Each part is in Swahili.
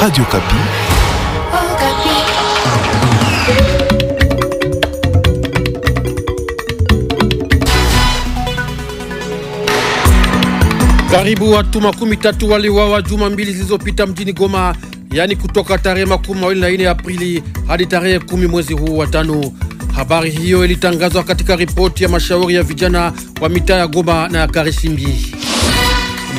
Radio Kapi. Karibu watu makumi tatu waliwawa juma mbili zilizopita mjini Goma, yani kutoka tarehe makumi mawili na Aprili hadi tarehe kumi mwezi huu wa tano. Habari hiyo ilitangazwa katika ripoti ya mashauri ya vijana wa mitaa ya Goma na ya karisimbi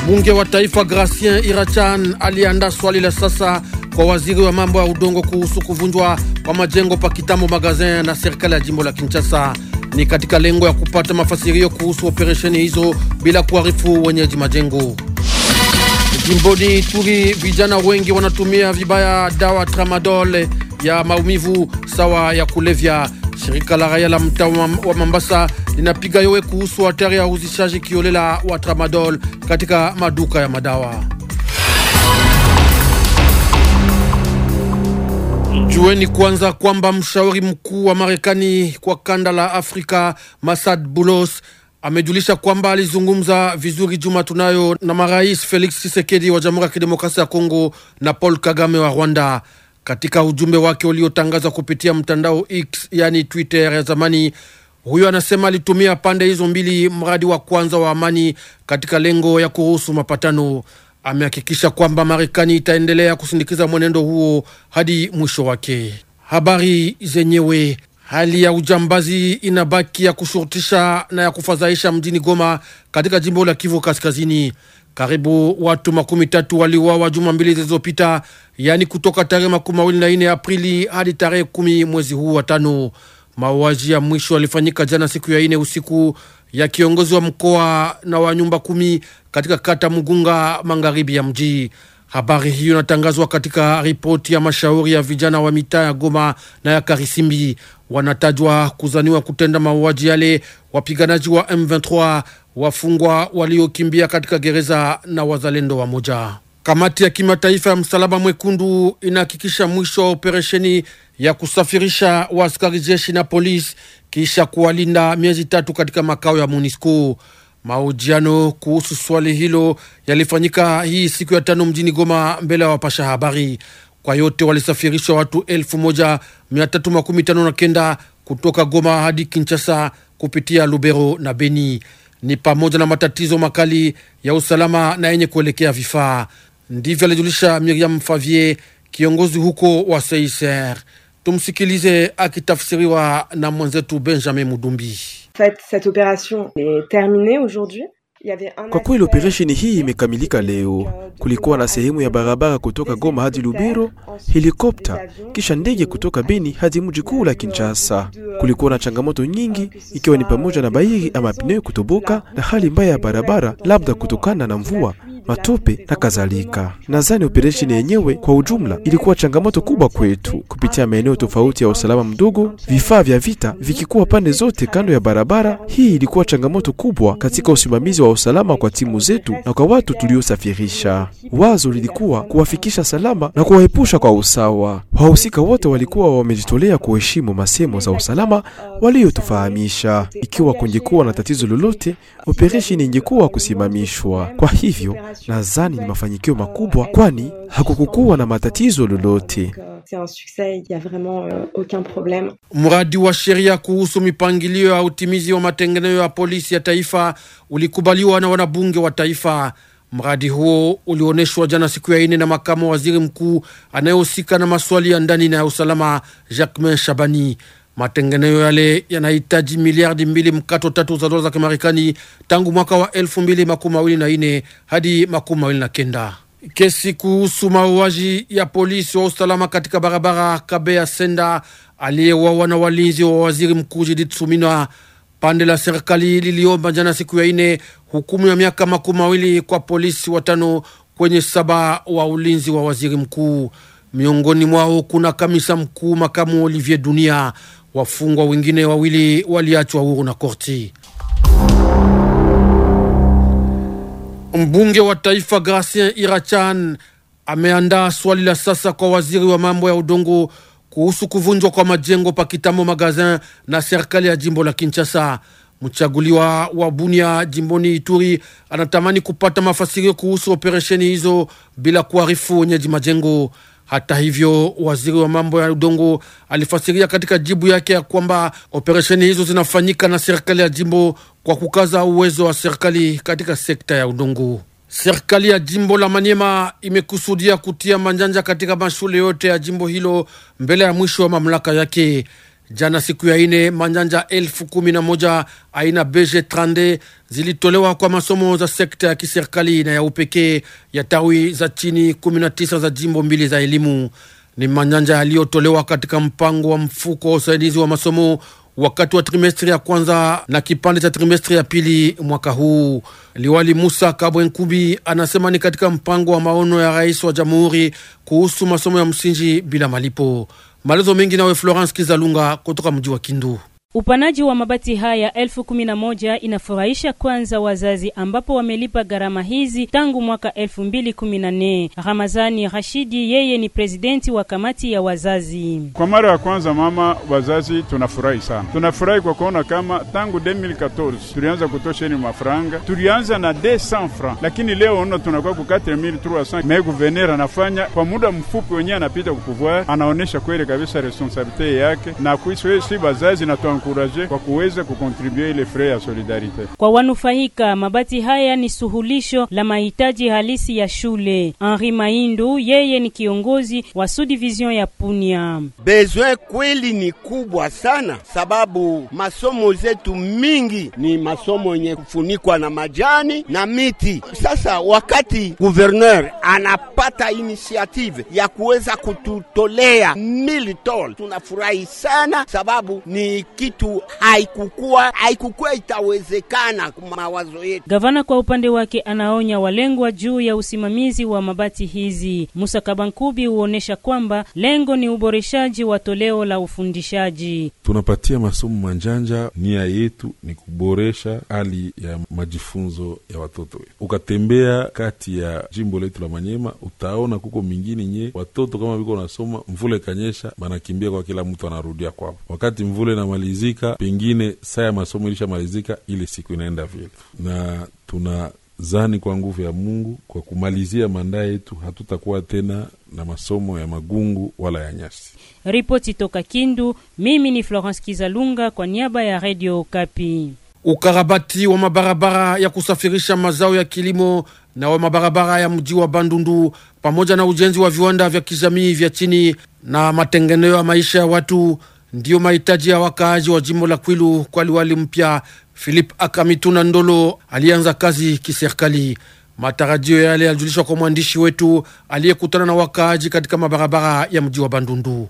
Mbunge wa taifa Gracien Irachan alianda swali la sasa kwa waziri wa mambo ya udongo kuhusu kuvunjwa kwa majengo pa Kitambo Magazin na serikali ya jimbo la Kinshasa. Ni katika lengo ya kupata mafasirio kuhusu operesheni hizo bila kuharifu wenyeji majengo. Jimboni Ituri, vijana wengi wanatumia vibaya dawa tramadol ya maumivu sawa ya kulevya. Shirika la raia la mtaa wa Mambasa linapiga yowe kuhusu hatari ya uzishaji kiolela wa tramadol katika maduka ya madawa. Jueni kwanza kwamba mshauri mkuu wa Marekani kwa kanda la Afrika Masad Bulos amejulisha kwamba alizungumza vizuri juma tunayo na marais Felix Tshisekedi wa Jamhuri ya Kidemokrasia ya Kongo na Paul Kagame wa Rwanda. Katika ujumbe wake uliotangaza kupitia mtandao X, yani Twitter ya zamani, huyo anasema alitumia pande hizo mbili mradi wa kwanza wa amani katika lengo ya kuhusu mapatano. Amehakikisha kwamba Marekani itaendelea kusindikiza mwenendo huo hadi mwisho wake. Habari zenyewe Hali ya ujambazi inabaki ya kushurutisha na ya kufadhaisha mjini Goma katika jimbo la Kivu Kaskazini. Karibu watu makumi tatu waliuawa juma mbili zilizopita, yaani kutoka tarehe makumi mawili na nne Aprili hadi tarehe kumi mwezi huu wa tano. Mauaji ya mwisho yalifanyika jana siku ya ine usiku ya kiongozi wa mkoa na wa nyumba kumi katika kata Mugunga, magharibi ya mji. Habari hiyo inatangazwa katika ripoti ya mashauri ya vijana wa mitaa ya Goma na ya Karisimbi. Wanatajwa kuzaniwa kutenda mauaji yale wapiganaji wa M23 wafungwa waliokimbia katika gereza na wazalendo wa moja. Kamati ya kimataifa ya Msalaba Mwekundu inahakikisha mwisho wa operesheni ya kusafirisha waaskari jeshi na polisi kisha kuwalinda miezi tatu katika makao ya MONUSCO. Mahojiano kuhusu swali hilo yalifanyika hii siku ya tano mjini Goma mbele ya wapasha habari. Kwa yote walisafirishwa watu elfu moja mia tatu makumi tano na kenda kutoka Goma hadi Kinshasa kupitia Lubero na Beni ni pamoja na matatizo makali ya usalama na yenye kuelekea vifaa. Ndivyo alijulisha Miriam Favier, kiongozi huko wa Seiser. Tumsikilize akitafsiriwa na mwenzetu Benjamin Mudumbi. Cette, cette opération est terminée aujourd'hui. Kwa kweli operesheni hii imekamilika leo. Kulikuwa na sehemu ya barabara kutoka Goma hadi Lubero, helikopta, kisha ndege kutoka Beni hadi mji kuu la Kinshasa. Kulikuwa na changamoto nyingi, ikiwa ni pamoja na bairi ama pneu kutoboka na hali mbaya ya barabara, labda kutokana na mvua matope na kadhalika. Nadhani operesheni yenyewe kwa ujumla ilikuwa changamoto kubwa kwetu, kupitia maeneo tofauti ya usalama mdogo, vifaa vya vita vikikuwa pande zote kando ya barabara. Hii ilikuwa changamoto kubwa katika usimamizi wa usalama kwa timu zetu na kwa watu tuliosafirisha. Wazo lilikuwa kuwafikisha salama na kuwaepusha kwa usawa. Wahusika wote walikuwa wamejitolea kuheshimu masemo za usalama waliyotufahamisha. Ikiwa kungekuwa na tatizo lolote, operesheni ingekuwa kusimamishwa. Kwa hivyo nadhani ni mafanikio makubwa, kwani hakukukuwa na matatizo lolote. Euh, Mradi wa sheria kuhusu mipangilio ya utimizi wa matengenezo ya polisi ya taifa ulikubaliwa na wanabunge wa taifa. Mradi huo ulioneshwa jana siku ya ine na makamu waziri mkuu anayehusika na maswali ya ndani na ya usalama Jacquemain Shabani. Matengenezo yale yanahitaji miliardi mbili mkato tatu za dola za Kimarekani tangu mwaka wa elfu mbili makumi mawili na nne hadi makumi mawili na kenda. Kesi kuhusu mauaji ya polisi wa usalama katika barabara Kabea Senda aliyewawa na walinzi wa waziri mkuu Judith Suminwa, pande la serikali liliomba jana siku ya ine hukumu ya miaka makumi mawili kwa polisi watano kwenye saba wa ulinzi wa waziri mkuu. Miongoni mwao kuna kamisa mkuu makamu Olivier Dunia. Wafungwa wengine wawili waliachwa huru na korti. Mbunge wa taifa Gracien Irachan ameandaa swali la sasa kwa waziri wa mambo ya udongo kuhusu kuvunjwa kwa majengo pa Magazin na serikali ya jimbo la Kinshasa. Mchaguliwa wa Bunia jimboni Ituri anatamani kupata mafasirio kuhusu operesheni hizo bila kuarifu wenyeji majengo. Hata hivyo, waziri wa mambo ya udongo alifasiria katika jibu yake ya kwamba operesheni hizo zinafanyika na serikali ya jimbo kwa kukaza uwezo wa serikali katika sekta ya udongo. Serikali ya jimbo la manyema imekusudia kutia manjanja katika mashule yote ya jimbo hilo mbele ya mwisho wa mamlaka yake. Jana siku ya ine manjanja elfu kumi na moja aina beje trande zilitolewa kwa masomo za sekta ya kiserikali na ya upekee ya tawi za chini 19 za jimbo mbili za elimu. Ni manjanja yaliyotolewa katika mpango wa mfuko wa usaidizi wa masomo wakati wa trimestri ya kwanza na kipande cha trimestri ya pili mwaka huu. Liwali Musa Kabwe Nkubi anasema ni katika mpango wa maono ya rais wa jamhuri kuhusu masomo ya msingi bila malipo. Maelezo mengi nawe Florence Kizalunga kutoka mji wa Kindu. Upanaji wa mabati haya elfu kumi na moja inafurahisha kwanza wazazi ambapo wamelipa gharama hizi tangu mwaka elfu mbili kumi na nne. Ramazani Rashidi yeye ni presidenti wa kamati ya wazazi. Kwa mara ya kwanza mama wazazi, tunafurahi sana, tunafurahi kwa kuona kama tangu 2014 tulianza kutosha ni mafranga, tulianza na 200 francs, lakini leo ona tunakuwa ku 4300 me guverner anafanya kwa muda mfupi, wenyewe anapita kukuvoir, anaonesha kweli kabisa responsabilite yake na kuisi si wazazi na wanankuraje kwa kuweza kukontribue ile fre ya solidarite kwa wanufaika. Mabati haya ni suhulisho la mahitaji halisi ya shule. Henri Maindu yeye ni kiongozi wa subdivision ya Punia. Besoin kweli ni kubwa sana, sababu masomo zetu mingi ni masomo yenye kufunikwa na majani na miti. Sasa wakati gouverneur anapata initiative ya kuweza kututolea mili tol, tunafurahi sana sababu ni kitu haikukua, haikukua itawezekana kwa mawazo yetu. Gavana kwa upande wake anaonya walengwa juu ya usimamizi wa mabati hizi. Musa Kabankubi huonesha kwamba lengo ni uboreshaji wa toleo la ufundishaji. Tunapatia masomo manjanja, nia yetu ni kuboresha hali ya majifunzo ya watoto wetu. Ukatembea kati ya jimbo letu la Manyema utaona kuko mingine nye watoto kama viko nasoma, mvula ikanyesha, banakimbia kwa kila mtu anarudia kwao, wakati mvula inamalizia ilishamalizika pengine saa ya masomo ilishamalizika, ile siku inaenda vile, na tunazani kwa nguvu ya Mungu, kwa kumalizia mandaa yetu hatutakuwa tena na masomo ya magungu wala ya nyasi. Ripoti toka Kindu, mimi ni Florence Kizalunga kwa niaba ya redio Kapi. Ukarabati wa mabarabara ya kusafirisha mazao ya kilimo na wa mabarabara ya mji wa Bandundu pamoja na ujenzi wa viwanda vya kijamii vya chini na matengeneo ya maisha ya watu ndiyo mahitaji ya wakaaji wa jimbo la Kwilu kwa liwali mpya Philip Akamituna Ndolo alianza kazi kiserikali. Matarajio yale yalijulishwa kwa mwandishi wetu aliyekutana na wakaaji katika mabarabara ya mji wa Bandundu.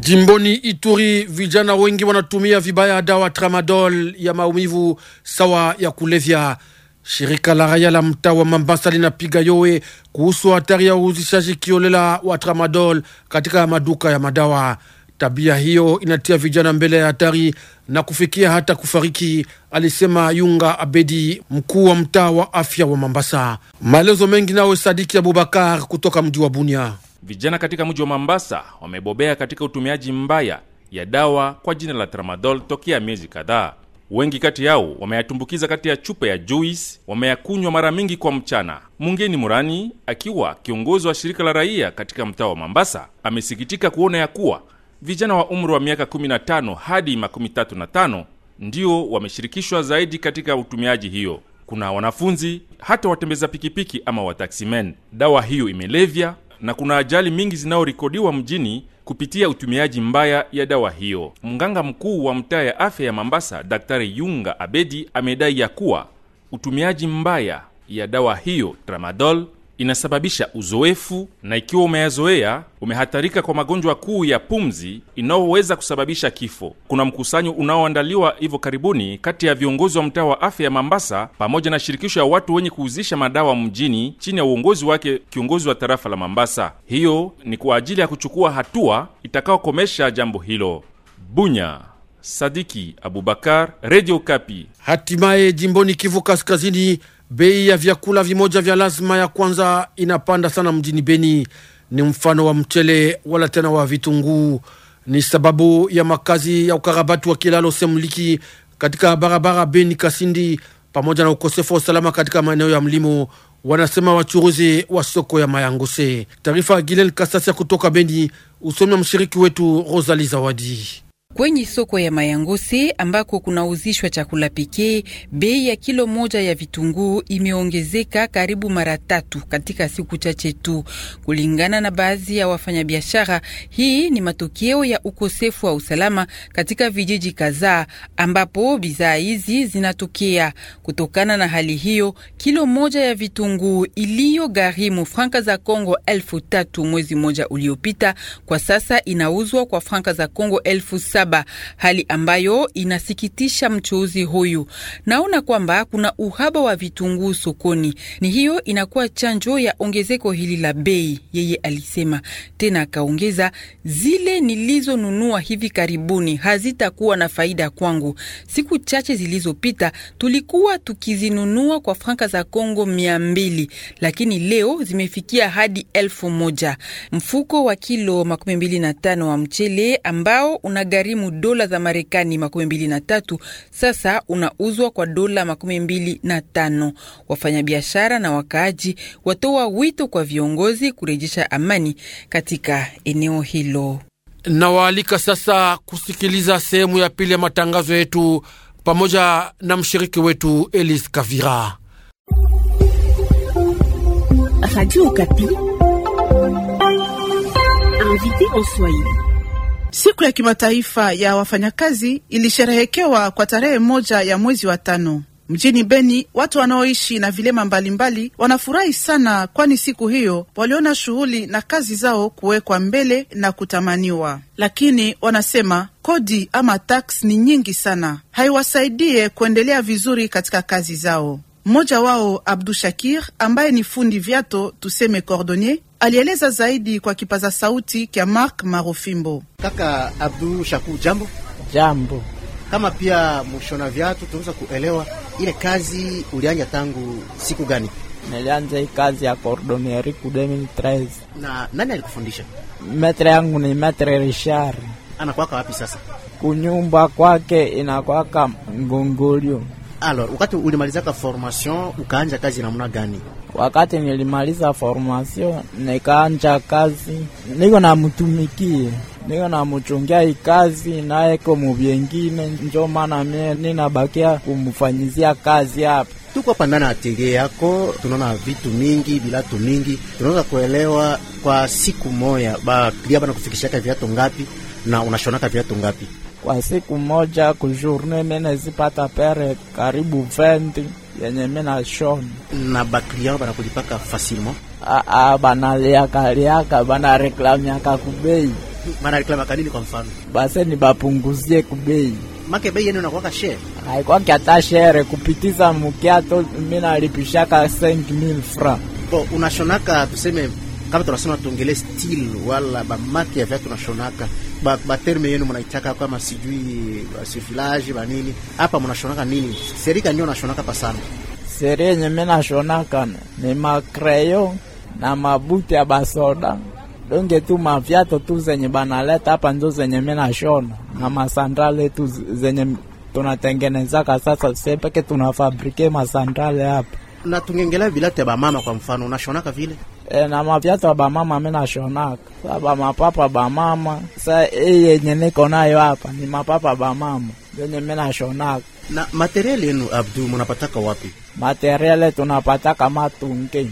Jimboni Ituri, vijana wengi wanatumia vibaya dawa tramadol ya maumivu sawa ya kulevya. Shirika la raia la mtaa wa Mambasa linapiga yowe kuhusu hatari ya uhuzishaji kiolela wa tramadol katika maduka ya madawa. Tabia hiyo inatia vijana mbele ya hatari na kufikia hata kufariki, alisema Yunga Abedi, mkuu wa mtaa wa afya wa Mambasa. Maelezo mengi nawe Sadiki Abubakar kutoka mji wa Bunia. Vijana katika mji wa Mambasa wamebobea katika utumiaji mbaya ya dawa kwa jina la tramadol tokea miezi kadhaa. Wengi kati yao wameyatumbukiza kati ya chupa ya juice, wameyakunywa mara mingi kwa mchana. Mungeni Murani akiwa kiongozi wa shirika la raia katika mtaa wa Mambasa amesikitika kuona ya kuwa vijana wa umri wa miaka 15 hadi 35 ndio wameshirikishwa zaidi katika utumiaji hiyo. Kuna wanafunzi hata watembeza pikipiki ama wataksimen. Dawa hiyo imelevya na kuna ajali mingi zinayorikodiwa mjini kupitia utumiaji mbaya ya dawa hiyo. Mganga mkuu wa mtaa ya afya ya Mambasa, Daktari Yunga Abedi, amedai ya kuwa utumiaji mbaya ya dawa hiyo tramadol inasababisha uzoefu, na ikiwa umeyazoea umehatarika kwa magonjwa kuu ya pumzi inayoweza kusababisha kifo. Kuna mkusanyo unaoandaliwa hivyo karibuni kati ya viongozi wa mtaa wa afya ya Mambasa pamoja na shirikisho ya watu wenye kuuzisha madawa mjini chini ya uongozi wake kiongozi wa tarafa la Mambasa. Hiyo ni kwa ajili ya kuchukua hatua itakayokomesha jambo hilo. Bunya Sadiki Abubakar, Radio Kapi. Hatimaye jimboni Kivu Kaskazini Bei ya vyakula vimoja vya lazima ya kwanza inapanda sana mjini Beni, ni mfano wa mchele wala tena wa vitunguu. Ni sababu ya makazi ya ukarabati wa kilalo Semliki katika barabara Beni Kasindi, pamoja na ukosefu wa usalama katika maeneo ya mlimo, wanasema wachuruzi wa soko ya Mayangose. Taarifa Gilen Kasasi kutoka Beni, usomi wa mshiriki wetu Rosali Zawadi. Kwenye soko ya Mayangose ambako kunauzishwa chakula pekee, bei ya kilo moja ya vitunguu imeongezeka karibu mara tatu katika siku chache tu. Kulingana na baadhi ya wafanyabiashara, hii ni matokeo ya ukosefu wa usalama katika vijiji kadhaa ambapo bidhaa hizi zinatokea. Kutokana na hali hiyo, kilo moja ya vitunguu iliyogharimu franka za congo elfu tatu mwezi mmoja uliopita, kwa sasa inauzwa kwa franka za Congo elfu saba saba, hali ambayo inasikitisha mchuuzi huyu. Naona kwamba kuna uhaba wa vitunguu sokoni, ni hiyo inakuwa chanjo ya ongezeko hili la bei, yeye alisema. Tena akaongeza, zile nilizonunua hivi karibuni hazitakuwa na faida kwangu. Siku chache zilizopita tulikuwa tukizinunua kwa franka za Kongo mia mbili, lakini leo zimefikia hadi elfu moja. Mfuko wa kilo makumi mbili na tano wa mchele ambao unagari uligharimu dola za Marekani makumi mbili na tatu sasa unauzwa kwa dola makumi mbili na tano. Wafanyabiashara na wakaaji watoa wito kwa viongozi kurejesha amani katika eneo hilo. Nawaalika sasa kusikiliza sehemu ya pili ya matangazo yetu pamoja na mshiriki wetu elis Kavira. Radio Kapi. Invité en Swahili. Siku ya kimataifa ya wafanyakazi ilisherehekewa kwa tarehe moja ya mwezi wa tano. Mjini Beni, watu wanaoishi na vilema mbalimbali wanafurahi sana, kwani siku hiyo waliona shughuli na kazi zao kuwekwa mbele na kutamaniwa. Lakini wanasema kodi ama tax ni nyingi sana, haiwasaidie kuendelea vizuri katika kazi zao. Mmoja wao Abdu Shakir ambaye ni fundi viato tuseme cordonier, alieleza zaidi kwa kipaza sauti kya Mark Marofimbo. Kaka Abdu Shakur, jambo jambo. Kama pia mushona viatu, tunaweza kuelewa ile kazi ulianja tangu siku gani? Nilianza hii kazi ya kordomeri ku 2013. Na nani alikufundisha? Metre yangu ni Metre Richard. Anakwaka wapi sasa? Kunyumba kwake inakwaka Ngongolio. Alors, wakati ulimalizaka formation ukaanja kazi namna gani? Wakati nilimaliza formation nikaanja kazi, niko namutumikie, niko namuchungia ikazi nayeko muvyengine, njo maana mie ninabakia kumufanyizia kazi hapa tuko hapa ndani ya yako, tunaona vitu mingi, vilatu mingi. Tunaweza kuelewa kwa siku moya ba klia bana kufikishaka viatu ngapi na unashonaka viatu ngapi? kwa siku moja kujourne minazipata pere karibu 20 yenye minashona na baklien banakulipaka facilement. Aa, banaliakaliaka banareklamiaka kubei. Banareklamaka nini? Kwa mfano base ni bapunguzie kubei make bei yenu inakuwa share haikuwa hata share kupitiza mukiato, minalipishaka 5000 francs. Bo unashonaka tuseme kama tunasema tuongelee steel wala ba bamaki ya viatu nashonaka ba, ba terme yenu mnaitaka kama sijui sifilaji ba nini, hapa mnashonaka nini? Serika ndio nashonaka pa sana. Seri yenye mimi nashonaka ni makreyo na mabuti ya basoda donge tu maviato tu zenye banaleta hapa ndio zenye mimi nashona na masandale tu zenye tunatengenezaka sasa, sepeke tunafabrike masandale hapa na tungengelea vilate ba mama Kwa mfano unashonaka vile E, na mavyata bamama mi nashonaka sa bamapapa bamama sa hii yenye niko nayo hapa ni mapapa bamama yenye mi nashonaka. Na materiali yenu Abdu munapataka wapi? Materiali tunapataka Matunge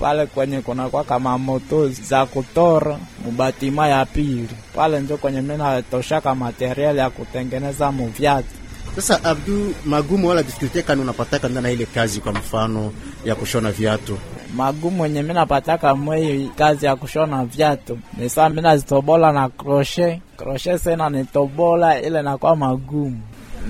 pale kwenye kuna kwa kama moto za kutora mubatima ya pili pale njo kwenye mi natoshaka materiali ya kutengeneza muvyata. Sasa Abdu, magumu wala difficulty kani unapataka ndana ile kazi, kwa mfano ya kushona viatu magumu yenye mi napataka mwei kazi ya kushona vyatu ni saa mi nazitobola na kroshe. Kroshe sena nitobola ile nakwa magumu,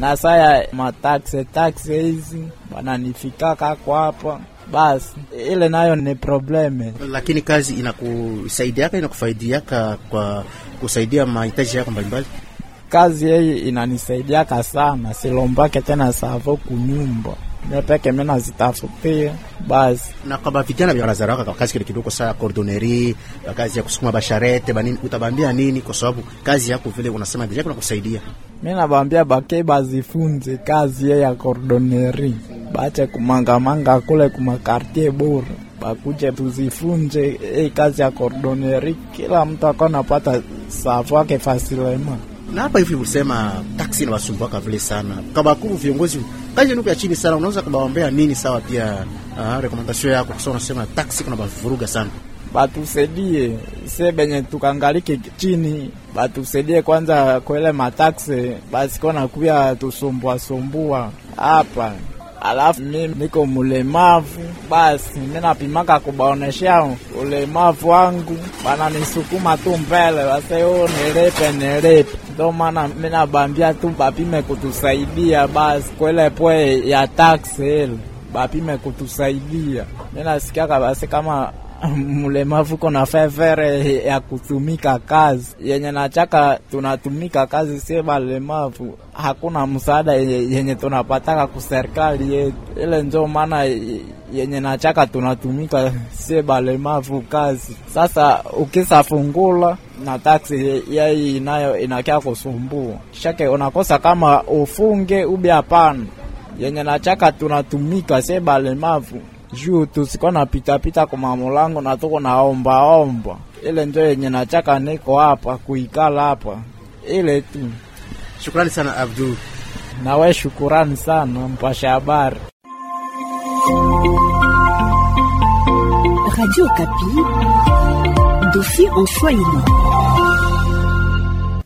na saya mataksi taksi hizi wananifikaka kwapa basi ile nayo ni probleme, lakini kazi inakusaidiaka inakufaidiaka kwa kusaidia mahitaji yako mbalimbali. Kazi hii inanisaidiaka sana, silombake tena savo kunyumba nataka mimi nazitafutia basi. Na kwa vijana vya Lazaro waka kazi kile kidogo saa cordonnerie, kazi ya kusukuma basharete banini, utabambia nini? Kwa sababu kazi yako vile unasema deja kuna kusaidia. Mimi nabambia bake bazifunze kazi ya cordonnerie, bache kumangamanga kule kumakartie quartier bora, bakuje tuzifunze eh, kazi ya cordonnerie, kila mtu akona pata safu yake fasilema na hapa hivi ulisema taksi inawasumbuaka vile sana kabakuru viongozi kaje nuku ya chini sana, unaweza kubaombea nini? Sawa, pia uh, ah, rekomendasio yako kwa sababu unasema taksi kuna bavuruga sana. Batusaidie se benye tukangalike chini, batusaidie kwanza kwele mataksi basi kona kuya tusumbua sumbua hapa Alafu mi niko mulemavu, basi mimi napimaka kubaoneshea ulemavu wangu, bananisukuma tu mbele, wase o nilipe nilipe ndo maana mi nabambia tu bapime kutusaidia basi kwelepwe ya taksi ile bapime kutusaidia. Mi nasikiaka basi kama mlemavu kona fevere ya kutumika kazi yenye nachaka, tunatumika kazi sie balemavu, hakuna msaada yenye tunapataka kuserikali yetu, ile njo maana yenye nachaka tunatumika sie balemavu kazi. Sasa ukisafungula na taksi yai nayo inakia kusumbua shake, unakosa kama ufunge ubi hapana. Yenye nachaka tunatumika sie balemavu juu tusiko napitapita kumamulango na tuko naombaomba, ile ndio yenye nataka niko hapa kuikala hapa ile tu. Shukrani sana Abdul. Nawe shukurani sana mpasha habari Radio Kapi, dossier en Swahili.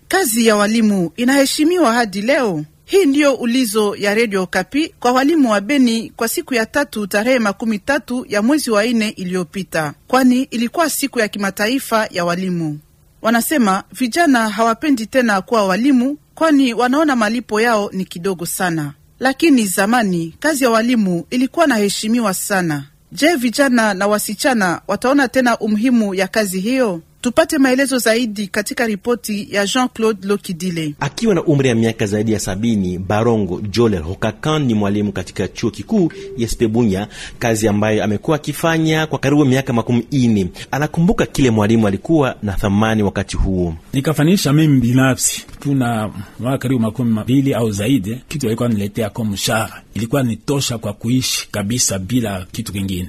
Kazi ya walimu inaheshimiwa hadi leo. Hii ndiyo ulizo ya redio Kapi kwa walimu wa Beni kwa siku ya tatu tarehe makumi tatu ya mwezi wa nne iliyopita, kwani ilikuwa siku ya kimataifa ya walimu. Wanasema vijana hawapendi tena kuwa walimu, kwani wanaona malipo yao ni kidogo sana, lakini zamani kazi ya walimu ilikuwa naheshimiwa sana. Je, vijana na wasichana wataona tena umuhimu ya kazi hiyo? Tupate maelezo zaidi katika ripoti ya Jean-Claude Lokidile. Akiwa na umri ya miaka zaidi ya sabini, Barongo joler Hokakan ni mwalimu katika chuo kikuu ya Sepebunya, kazi ambayo amekuwa akifanya kwa karibu miaka makumi ini. Anakumbuka kile mwalimu alikuwa na thamani wakati huo. Nikafanisha mimi binafsi, tuna mwaka karibu makumi mbili au zaidi, kitu alikuwa niletea kwa mshahara ilikuwa ni tosha kwa kuishi kabisa bila kitu kingine,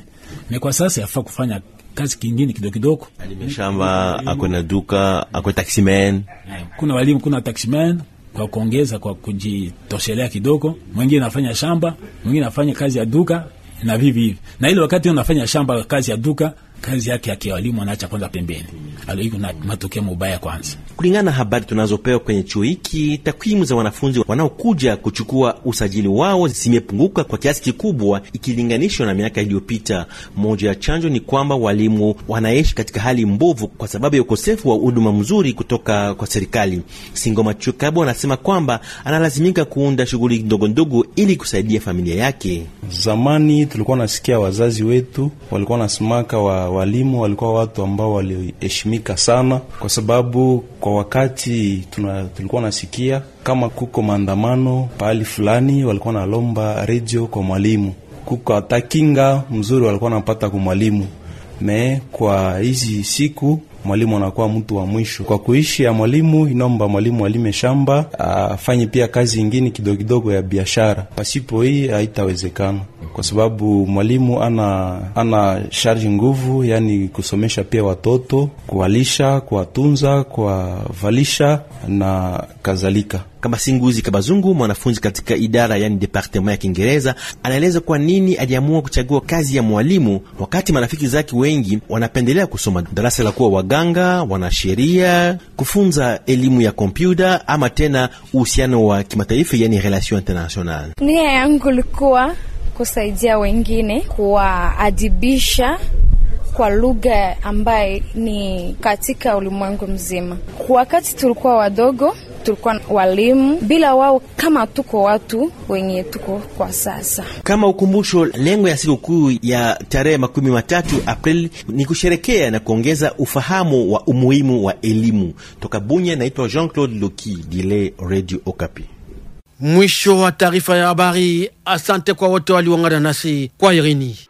na kwa sasa yafaa kufanya kazi kingine kidogo kidogo, alime shamba, ako na duka, ako eh, Kuna walimu, kuna taximan kwa kuongeza, kwa kujitoshelea kidogo. Mwingine anafanya shamba, mwingine anafanya kazi ya duka na vivi hivi, na ile wakati unafanya shamba, kazi ya duka kazi yake yake walimu anaacha kwanza pembeni. Iko na matokeo mabaya kwanza. Kulingana na habari tunazopewa kwenye chuo hiki, takwimu za wanafunzi wanaokuja kuchukua usajili wao zimepunguka kwa kiasi kikubwa ikilinganishwa na miaka iliyopita. Moja ya chanjo ni kwamba walimu wanaishi katika hali mbovu kwa sababu ya ukosefu wa huduma mzuri kutoka kwa serikali. Singoma Chukabo anasema kwamba analazimika kuunda shughuli ndogondogo ili kusaidia familia yake. Zamani tulikuwa nasikia wazazi wetu walikuwa nasimaka wa walimu walikuwa watu ambao waliheshimika sana, kwa sababu kwa wakati tuna, tulikuwa nasikia kama kuko maandamano pahali fulani, walikuwa nalomba redio kwa mwalimu, kuko hata kinga mzuri walikuwa napata kwa mwalimu. Me kwa hizi siku mwalimu anakuwa mtu wa mwisho kwa kuishi ya mwalimu. Inaomba mwalimu alime shamba, afanye pia kazi ingine kidogo kidogo ya biashara. Pasipo hii haitawezekana, kwa sababu mwalimu ana ana sharji nguvu, yani kusomesha pia watoto, kuwalisha, kuwatunza, kuwavalisha na kadhalika. Singuzi Kabazungu, mwanafunzi katika idara yani departema ya Kiingereza, anaeleza kwa nini aliamua kuchagua kazi ya mwalimu wakati marafiki zake wengi wanapendelea kusoma darasa la kuwa waganga, wanasheria, kufunza elimu ya kompyuta ama tena uhusiano wa kimataifa yani relation internationale. Nia yangu ilikuwa kusaidia wengine, kuwaadibisha kwa lugha ambaye ni katika ulimwengu mzima. Wakati tulikuwa wadogo tulikuwa walimu, bila wao kama tuko watu wenye tuko kwa sasa. Kama ukumbusho, lengo ya sikukuu ya tarehe makumi matatu Aprili ni kusherekea na kuongeza ufahamu wa umuhimu wa elimu. Toka Bunya, naitwa Jean Claude Loki Dile, Radio Okapi. Mwisho wa taarifa ya habari. Asante kwa wote waliongana nasi kwa Irini.